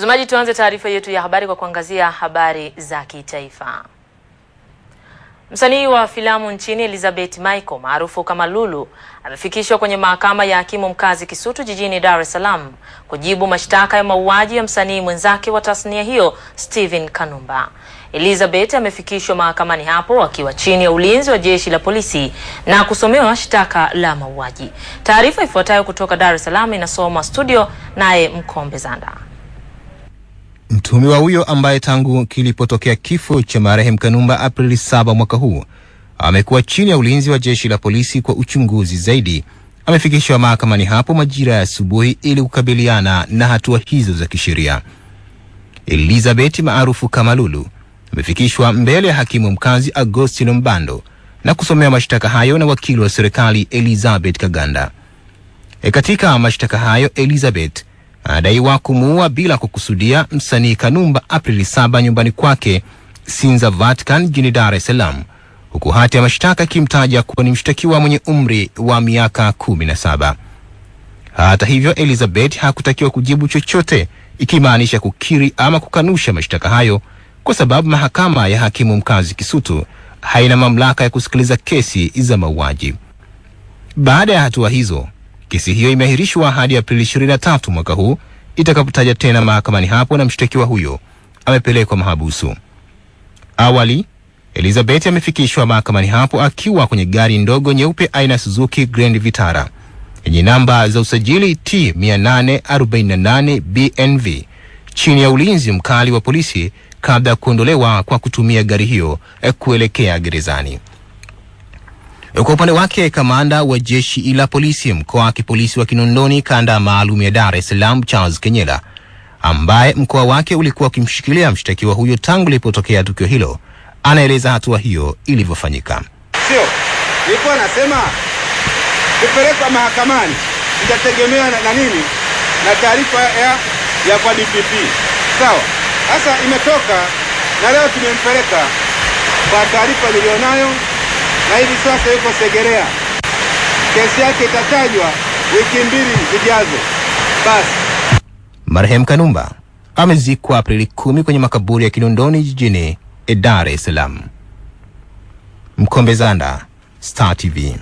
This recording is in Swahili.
Mtazamaji, tuanze taarifa yetu ya habari kwa kuangazia habari za kitaifa. Msanii wa filamu nchini Elizabeth Michael maarufu kama Lulu amefikishwa kwenye mahakama ya hakimu mkazi Kisutu jijini Dar es Salaam kujibu mashtaka ya mauaji ya msanii mwenzake wa tasnia hiyo Stephen Kanumba. Elizabeth amefikishwa mahakamani hapo akiwa chini ya ulinzi wa jeshi la polisi na kusomewa shtaka la mauaji. Taarifa ifuatayo kutoka Dar es Salaam inasomwa studio naye Mkombe Zanda. Mtuhumiwa huyo ambaye tangu kilipotokea kifo cha marehemu Kanumba Aprili 7 mwaka huu amekuwa chini ya ulinzi wa jeshi la polisi kwa uchunguzi zaidi, amefikishwa mahakamani hapo majira ya asubuhi ili kukabiliana na hatua hizo za kisheria. Elizabeth maarufu kama Lulu amefikishwa mbele ya hakimu mkazi Agostino Mbando na kusomewa mashtaka hayo na wakili wa serikali Elizabeth Kaganda. E, katika mashtaka hayo Elizabeth anadaiwa kumuua bila kukusudia msanii Kanumba Aprili saba nyumbani kwake Sinza, Vatican jijini Dar es Salaam, huku hati ya mashtaka ikimtaja kuwa ni mshtakiwa mwenye umri wa miaka 17. Hata hivyo, Elizabeth hakutakiwa kujibu chochote, ikimaanisha kukiri ama kukanusha mashtaka hayo, kwa sababu mahakama ya hakimu mkazi Kisutu haina mamlaka ya kusikiliza kesi za mauaji. Baada ya hatua hizo Kesi hiyo imeahirishwa hadi Aprili 23 mwaka huu itakapotaja tena mahakamani hapo, na mshtakiwa huyo amepelekwa mahabusu. Awali Elizabeth amefikishwa mahakamani hapo akiwa kwenye gari ndogo nyeupe aina Suzuki Grand Vitara yenye namba za usajili T 848 BNV chini ya ulinzi mkali wa polisi kabla ya kuondolewa kwa kutumia gari hiyo eh, kuelekea gerezani. Eh, kwa upande wake kamanda wa jeshi la polisi mkoa wa kipolisi wa Kinondoni kanda maalum ya Dar es Salaam Charles Kenyela, ambaye mkoa wake ulikuwa ukimshikilia mshtakiwa huyo tangu lilipotokea tukio hilo, anaeleza hatua hiyo ilivyofanyika. Sio nilikuwa nasema kupelekwa mahakamani itategemea na, na nini na taarifa ya, ya kwa DPP sawa. Sasa imetoka na leo tumempeleka kwa taarifa nilionayo na hivi sasa yuko Segerea, kesi yake itatajwa wiki mbili zijazo. Basi marehemu Kanumba amezikwa Aprili kumi kwenye makaburi ya Kinondoni jijini Dar es Salaam. Mkombe Zanda, Star TV.